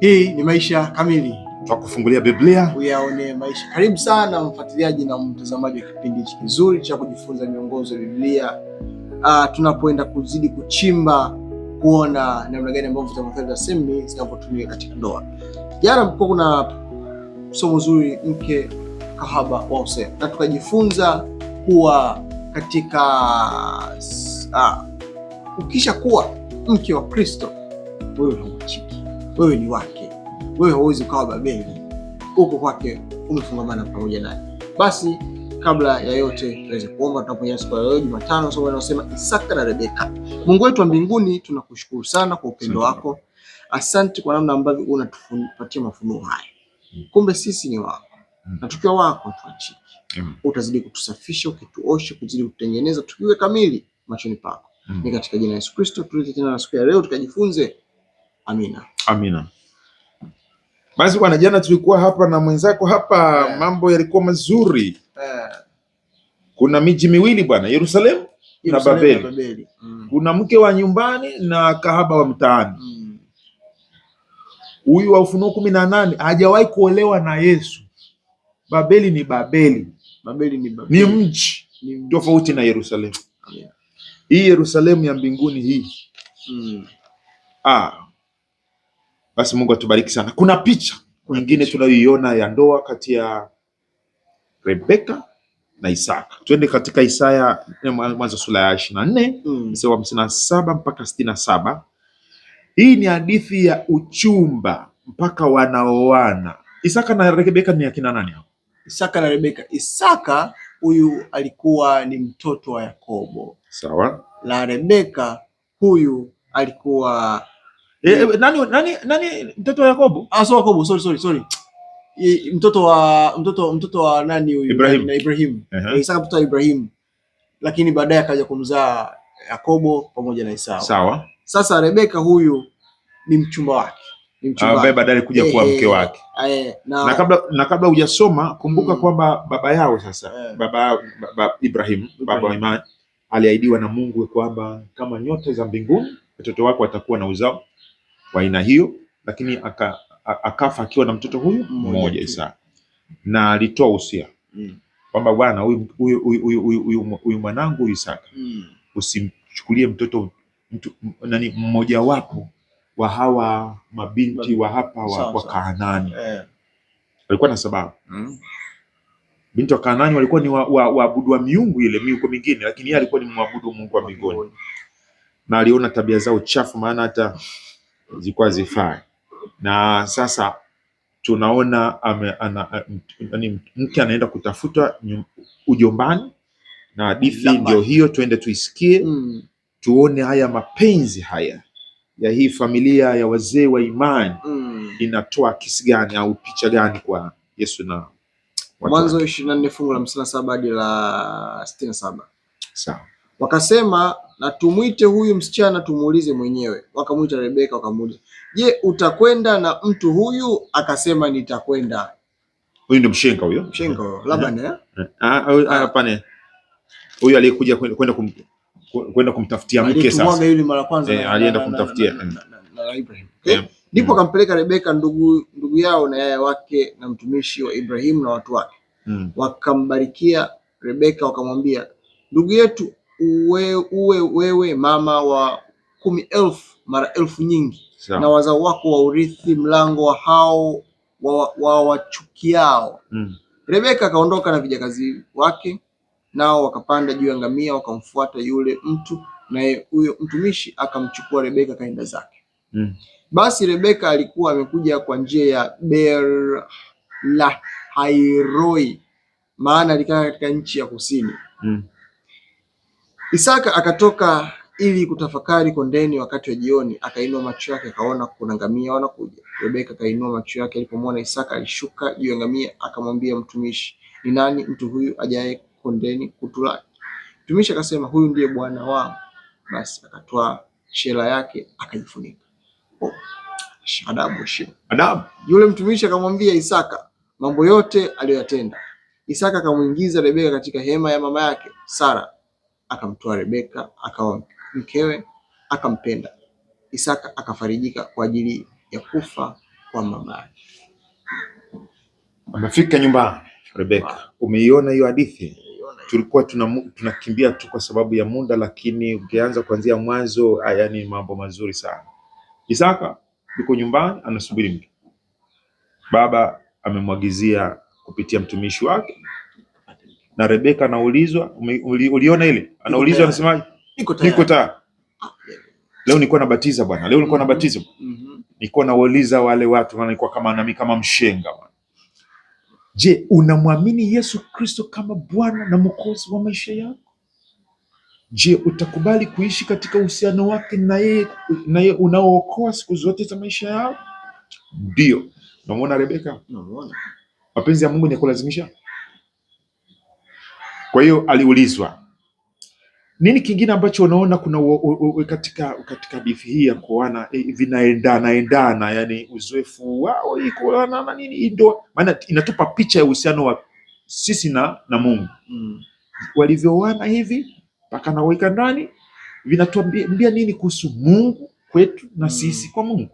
Hii ni Maisha Kamili, twakufungulia Biblia uyaone maisha. Karibu sana mfuatiliaji na mtazamaji wa kipindi hiki kizuri cha kujifunza miongozo ya Biblia, uh, tunapoenda kuzidi kuchimba kuona namna gani ambavyo tafakari za semi zinavyotumika katika ndoa. Jana mko kuna somo zuri, mke kahaba wa Hosea, na tukajifunza kuwa katika uh, ah, ukisha kuwa mke wa Kristo wewe wewe ni wake, wewe hauwezi ukawa babeli, uko kwake, umefungamana pamoja naye. Basi kabla ya yote tuweze kuomba tunapoanza siku ya leo Jumatano, somo linalosema Isaka na Rebeka. Mungu wetu wa mbinguni, tunakushukuru sana kwa upendo wako, asante kwa namna ambavyo unatupatia mafunuo haya. Mm. Kumbe sisi ni wako mm. na tukiwa wako tuachiki, mm. utazidi kutusafisha, ukituosha, kuzidi kutengeneza tukiwe kamili machoni pako. mm. Ni katika jina la Yesu Kristo tulete tena na siku ya leo tukajifunze Amina. Amina. Basi bwana, jana tulikuwa hapa na mwenzako hapa yeah. Mambo yalikuwa mazuri yeah. Kuna miji miwili bwana, Yerusalemu na Babeli, na Babeli. Mm. Kuna mke wa nyumbani na kahaba wa mtaani mm. huyu mm. wa Ufunuo kumi na nane hajawahi kuolewa na Yesu. Babeli ni Babeli, Babeli ni, Babeli. Ni mji tofauti na Yerusalemu yeah. Hii Yerusalemu ya mbinguni hii mm. ah basi Mungu atubariki sana. Kuna picha nyingine tunayoiona ya ndoa kati ya Rebeka na Isaka. Tuende katika Isaya eh, mwanzo sura ya ishirini na nne hmm. mstari wa hamsini na saba mpaka sitini na saba. Hii ni hadithi ya uchumba mpaka wanaoana. Isaka na Rebeka ni akina nani hao? Isaka na Rebeka. Isaka huyu alikuwa ni mtoto wa Yakobo. Sawa. La Rebeka huyu alikuwa E, nani nani nani mtoto wa Yakobo? Ah, so Yakobo, sorry sorry sorry. E, mtoto wa mtoto mtoto wa nani huyu? Ibrahim. Na Ibrahim. Uh -huh. E, Isaka mtoto wa Ibrahim. Lakini baadaye akaja kumzaa Yakobo pamoja na Esau. Sawa. Sasa Rebeka huyu ni mchumba wake. Ni mchumba. Ambaye ah, baadaye kuwa eh, mke wake. E, na, na kabla na kabla hujasoma kumbuka mm, kwamba baba yao sasa e, baba, baba Ibrahim, Ibrahim, baba wa imani aliahidiwa na Mungu kwamba kama nyota za mbinguni watoto wako watakuwa na uzao wa aina hiyo, lakini aka, akafa akiwa na mtoto huyu mmoja Isaka, na alitoa usia mm. kwamba bwana, huyu mwanangu huyu Isaka mm. usimchukulie mtoto mtu, nani mmojawapo wa hawa mabinti wa hapa wa, wa Kaanani eh. Walikuwa na sababu mm. Binti wa Kaanani walikuwa ni waabudu wa, wa miungu ile miungu mingine, lakini yeye alikuwa ni mwabudu Mungu wa mbinguni, na aliona tabia zao chafu, maana hata zilikuwa zifai, na sasa tunaona ame, ana, eh, mke anaenda kutafuta ujombani na hadithi ndio hiyo, tuende tuisikie mm. Tuone haya mapenzi haya ya hii familia ya wazee wa imani mm. inatoa kisi gani au picha gani kwa Yesu na Mwanzo ishirini na nne fungu la hamsini na saba hadi la sitini na saba. Sawa. Wakasema na tumwite huyu msichana tumuulize mwenyewe. Wakamwita Rebeka, wakamuuliza je, utakwenda na mtu huyu? Akasema nitakwenda. Huyu ndio mshenga huyo, mshenga huyo, Labani. Eh? Eh, ah, ah, ah. Hapana, huyu aliyekuja kwenda kum, kwenda kumtafutia mke. Sasa yule mara kwanza eh, alienda kumtafutia na Ibrahim, ndipo akampeleka Rebeka ndugu ndugu yao na yaya wake na mtumishi wa Ibrahimu na watu wake, hmm. wakambarikia Rebeka, wakamwambia ndugu yetu uwe, uwe wewe mama wa kumi elfu mara elfu nyingi Sao. na wazao wako wa urithi mlango wa hao wa wachukiao wa mm. Rebeka akaondoka na vijakazi wake, nao wakapanda juu ya ngamia wakamfuata yule mtu, naye huyo mtumishi akamchukua Rebeka kaenda zake mm. Basi Rebeka alikuwa amekuja kwa njia ya Berlahairoi, maana alikaa katika nchi ya kusini mm. Isaka akatoka ili kutafakari kondeni wakati wa jioni, akainua macho yake akaona kuna ngamia wanakuja. Rebeka akainua macho yake alipomwona Isaka, alishuka juu ya ngamia, akamwambia mtumishi, ni nani mtu huyu ajaye kondeni kutulaki? Mtumishi akasema, huyu ndiye bwana wangu. Basi akatoa shela yake akajifunika. Oh, adabu, adabu. Yule mtumishi akamwambia Isaka mambo yote aliyoyatenda. Isaka akamwingiza Rebeka katika hema ya mama yake Sara akamtoa Rebeka akawa mkewe, akampenda Isaka, akafarijika kwa ajili ya kufa kwa mama yake. Amefika nyumbani Rebeka, umeiona hiyo hadithi? Tulikuwa tunakimbia tu kwa sababu ya muda, lakini ukianza kuanzia mwanzo, yaani mambo mazuri sana. Isaka yuko nyumbani anasubiri mke, baba amemwagizia kupitia mtumishi wake na Rebeka anaulizwa uliona ile anaulizwa, anasemaje? Niko tayari, niko tayari. Leo nilikuwa nabatiza bwana, leo nilikuwa nabatiza mm-hmm. mm-hmm. Nilikuwa nawauliza wale watu, maana nilikuwa kama nami kama mshenga bwana. Je, unamwamini Yesu Kristo kama Bwana na Mwokozi wa maisha yako? Je, utakubali kuishi katika uhusiano wake na yeye na yeye unaookoa siku zote za maisha yao? Ndio, unamwona Rebeka, unamwona mapenzi ya Mungu ni kulazimisha kwa hiyo aliulizwa nini kingine ambacho unaona kuna u, u, u, katika katika hadithi hii ya kuoana e, vinaendana endana, yani uzoefu wao kuoana na nini, ndio maana inatupa picha ya uhusiano wa sisi na na Mungu mm. Walivyooana hivi mpaka naweka ndani vinatuambia nini kuhusu Mungu kwetu na mm. sisi kwa Mungu.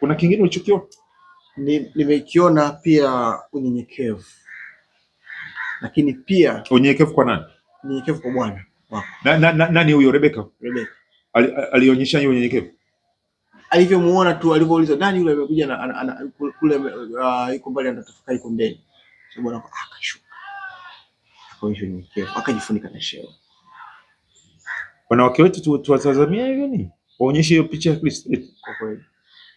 Kuna kingine ulichokiona? Nimekiona pia unyenyekevu lakini pia unyenyekevu kwa nani? Unyenyekevu kwa Bwana wako. Na, na, na, nani huyo? Rebeka. Rebeka alionyesha hiyo unyenyekevu alivyomuona tu, alivyouliza nani yule amekuja na ana, ana, kule, yuko mbali anatafuta yuko mbele, Sasa Bwana akashuka akaonyesha unyenyekevu, akajifunika na sheo. Wanawake wetu tuwatazamia hivyo, ni waonyeshe hiyo picha ya Kristo, kwa kweli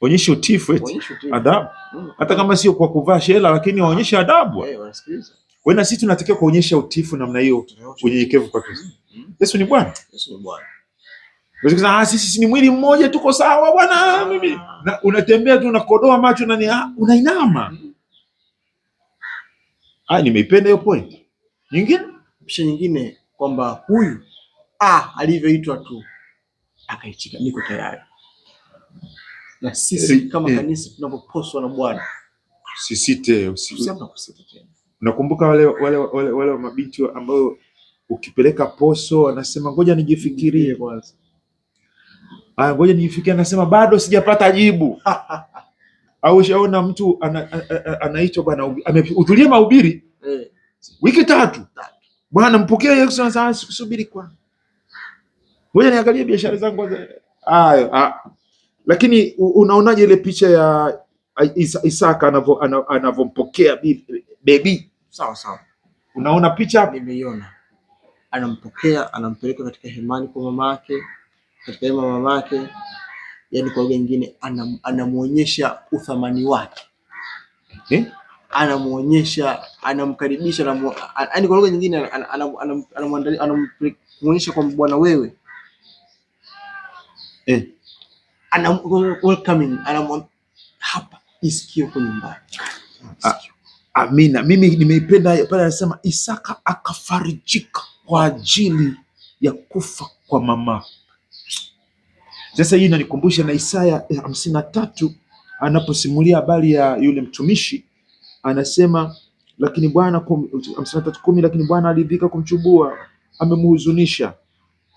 waonyeshe utiifu, eti adabu, mm, hata kama sio kwa kuvaa shela, lakini waonyeshe adabu, eh, wanasikiliza kwa hiyo na sisi tunatakiwa kuonyesha utifu namna hiyo, unyenyekevu kwa Kristo. Mm-hmm. Yesu ni Bwana. Yesu ni Bwana. Unaweza ah, sisi ni mwili mmoja tuko sawa bwana ah. mimi. Na unatembea tu unakodoa macho na ni ah, unainama. Ah, nimeipenda hiyo point. Nyingine? Kisha nyingine kwamba huyu ah, alivyoitwa tu akaitika niko tayari. Na sisi eh, kama eh. kanisa tunapoposwa na Bwana. Sisite, usisite. Unakumbuka wale, wale, wale, wale mabinti ambao ukipeleka poso anasema ngoja nijifikirie kwanza, aya, ah, ngoja nijifikirie, anasema bado sijapata jibu. Au shaona mtu anaitwa bwana, amehudhuria mahubiri eh. wiki tatu, bwana mpokee Yesu, anasema ah, subiri kwa, ngoja niangalie biashara zangu hayo. Lakini unaonaje ile picha ya Isaka anavyompokea bibi Baby. Sawa sawa. Unaona picha Nimeiona. Anampokea, anampeleka katika hemani kwa mama yake, katika hema mama yake, yani kwa lugha nyingine anam, anamuonyesha uthamani wake eh? Anamuonyesha, anamkaribisha, yani kwa lugha nyingine anamwandalia, anamuonyesha kwa bwana wewe eh, anam welcoming, anam hapa, isikio kwa nyumbani, ah. isikio Amina. Mimi nimeipenda pale anasema Isaka akafarijika kwa ajili ya kufa kwa mama. Sasa hii inanikumbusha na Isaya hamsini na tatu anaposimulia habari ya yule mtumishi anasema, lakini Bwana hamsini na tatu kumi lakini Bwana alivika kumchubua, amemhuzunisha.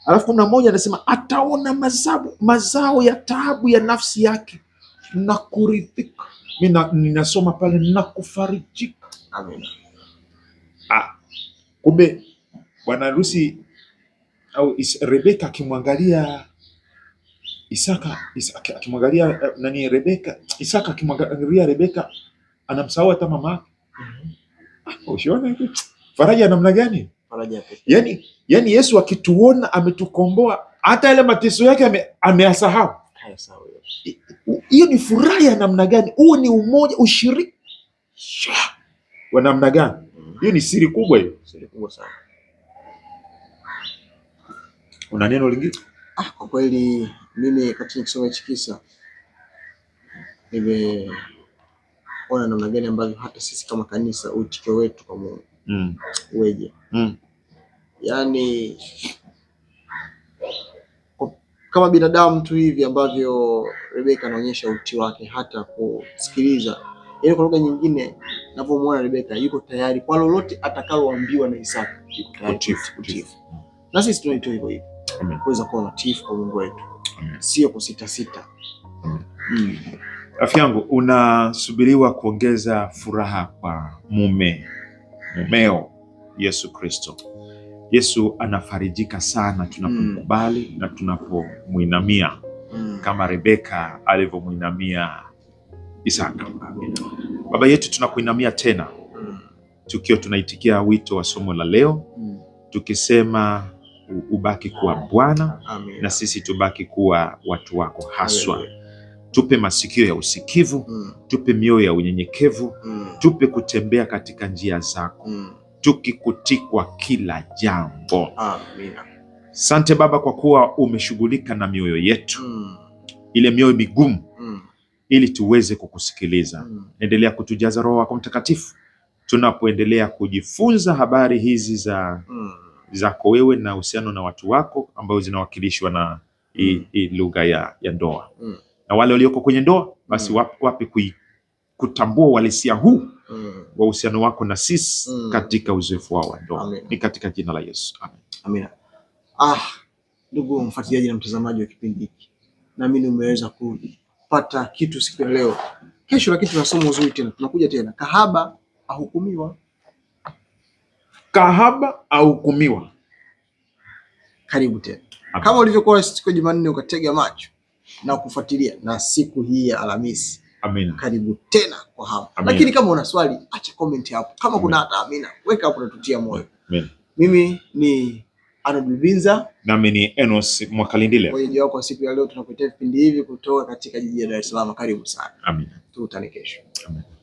Alafu kumi na moja anasema ataona mazao, mazao ya taabu ya nafsi yake na kuridhika mimi ninasoma pale na kufarijika. Amen. Ah, kumbe bwana harusi au is, Rebeka akimwangalia Isaka, eh, Isaka akimwangalia nani Rebeka, Isaka akimwangalia Rebeka anamsahau hata mama. mm -hmm. Ah, Ushaona faraja namna gani? Faraja yani, yani Yesu akituona ametukomboa hata yale mateso yake ame, ameyasahau hiyo ni furaha ya namna gani? Huo ni umoja, ushirika wa namna gani? Hiyo ni siri kubwa, hiyo siri kubwa sana. Una neno lingine? Ah, kwa kweli mimi katika kusoma hichi kisa nimeona namna gani ambavyo hata sisi kama kanisa uitikio wetu kwa Mungu mm. uweje mm. yaani kama binadamu tu hivi ambavyo Rebeka anaonyesha uti wake hata kusikiliza. Yaani kwa lugha nyingine ninavyomwona Rebeka yuko tayari kwa lolote atakaloambiwa na Isaka. Yuko tayari kutii. Na sisi tunaitwa hivyo hivyo. Kuweza kuwa watiifu kwa Mungu wetu. Sio kusita sita. Mm. Rafiki yangu unasubiriwa kuongeza furaha kwa mume mumeo Yesu Kristo. Yesu anafarijika sana tunapomkubali mm. na tunapomwinamia mm. kama Rebeka alivyomwinamia Isaka. Baba yetu, tunakuinamia tena mm. tukiwa tunaitikia wito wa somo la leo mm. tukisema ubaki kuwa Bwana na sisi tubaki kuwa watu wako haswa Amen. Tupe masikio ya usikivu mm. tupe mioyo ya unyenyekevu mm. tupe kutembea katika njia zako mm tukikutikwa kila jambo. Amina. Sante Baba, kwa kuwa umeshughulika na mioyo yetu mm. ile mioyo migumu mm. ili tuweze kukusikiliza mm. Endelea kutujaza Roho wako Mtakatifu tunapoendelea kujifunza habari hizi za mm. zako wewe na uhusiano na watu wako ambao zinawakilishwa na mm. lugha ya, ya ndoa mm. na wale walioko kwenye ndoa basi mm. wape kutambua uhalisia huu mm. wa uhusiano wako na sisi mm. katika uzoefu wao wa ndoa. Ni katika jina la Yesu Amen. Amina. Ah, ndugu mfuatiliaji na mtazamaji wa kipindi hiki, naamini umeweza kupata kitu siku ya leo. Kesho lakini tuna somo zuri tena, tunakuja tena. Kahaba ahukumiwa, kahaba ahukumiwa. Karibu tena Amen. Kama ulivyokuwa siku ya Jumanne ukatega macho na kufuatilia na siku hii ya Alhamisi Amina. Karibu tena kwa hapo. Lakini kama una swali acha comment hapo, kama Amina. kuna hata amina weka hapo natutia moyo. Mimi ni Arnold Binza nami ni Enos Mwakalindile. Wenyeji wako siku ya leo tunakuletea vipindi hivi kutoka katika jiji la Dar es Salaam. Karibu sana. Amina. Tutane kesho. Amina.